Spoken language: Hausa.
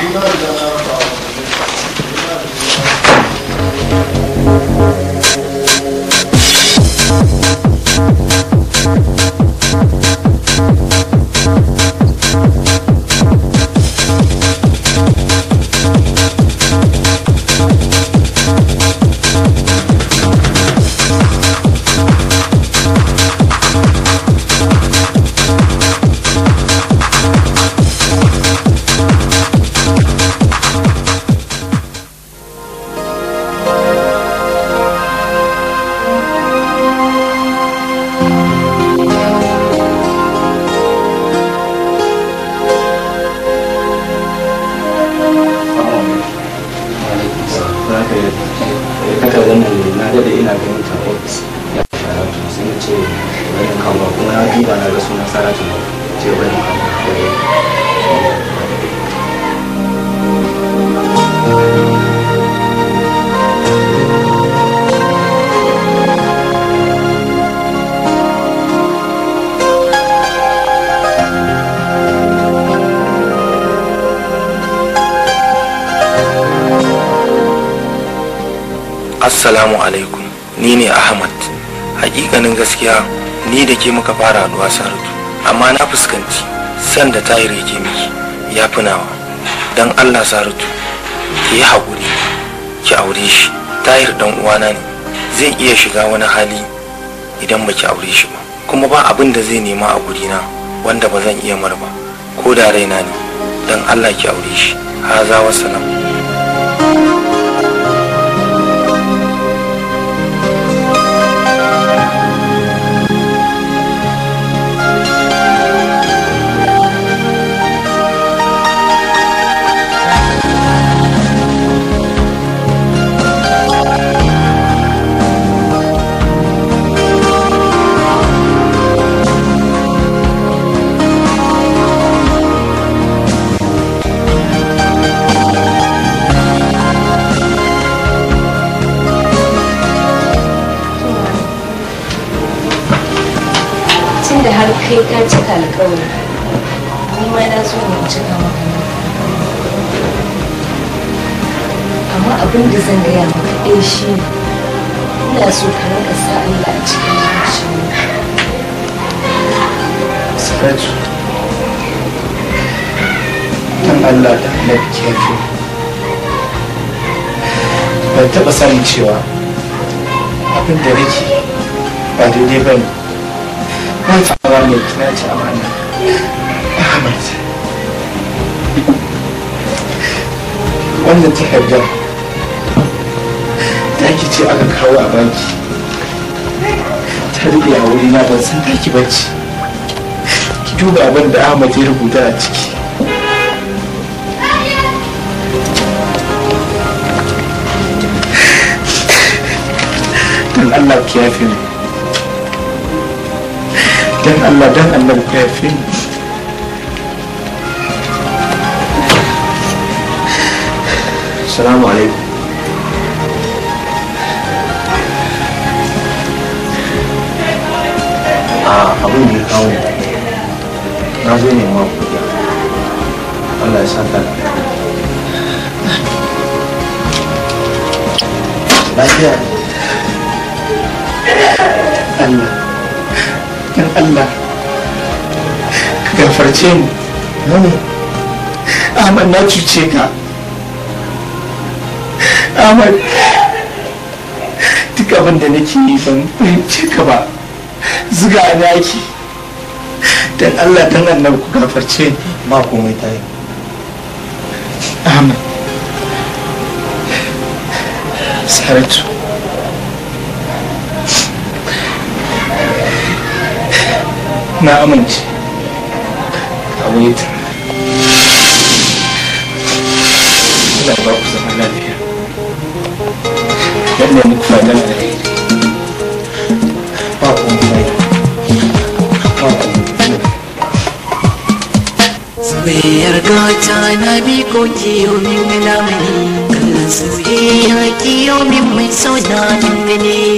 অধিকার জানার da haka ya kata wannan na daɗe ina ganin ta ya saratu sai na ce wani kuma na duba na ga sunan saratu ce wani kawo assalamu alaikum ni ne ahmad hakikanin gaskiya ni da ke muka fara haduwa saratu amma na fuskanci san da tayir yake miki ya fi nawa don allah saratu ki yi haƙuri ki aure shi tayir dan uwana ne zai iya shiga wani hali idan baki aure shi ba kuma ba abin da zai nema a gurina wanda ba zan iya mar ba ko da raina ne don allah ki aure shi haza wasalam da har kai ka cika alkawari ma na so ne cika maka amma abin da zan gaya maka ɗaya eh, shi ina so ka rinka sa Allah a cikin zuciya Siraju dan Allah da annabi ke yafe ban taɓa sani cewa abin da nake ba daidai ba ne ban tsawa mai Ta ce ce aka kawo a banki. ta rufe a wuri na ban san taki bacci ki duba abin da ahmad ya rubuta a ciki Allah ki yafe mu dan Allah dan annabi ku yafe ni Assalamu alaikum a abin da ya kawo na zo Allah ya saka Allah don Allah ka gafarce mu nani Ahmad na cuce ka Ahmad duk abin da nake yi ban fahimce ka ba zuga a naki don Allah don annabi ku gafarce ba komai ta yi Ahmad Saratu na amince a wuyeta ina ba ku zama lafiya yadda ni kuma dana da kai ba ku mai ba ku soyayyar gata na bi ko kiyo min lamani kallon soyayya kiyo min mai sauna min gani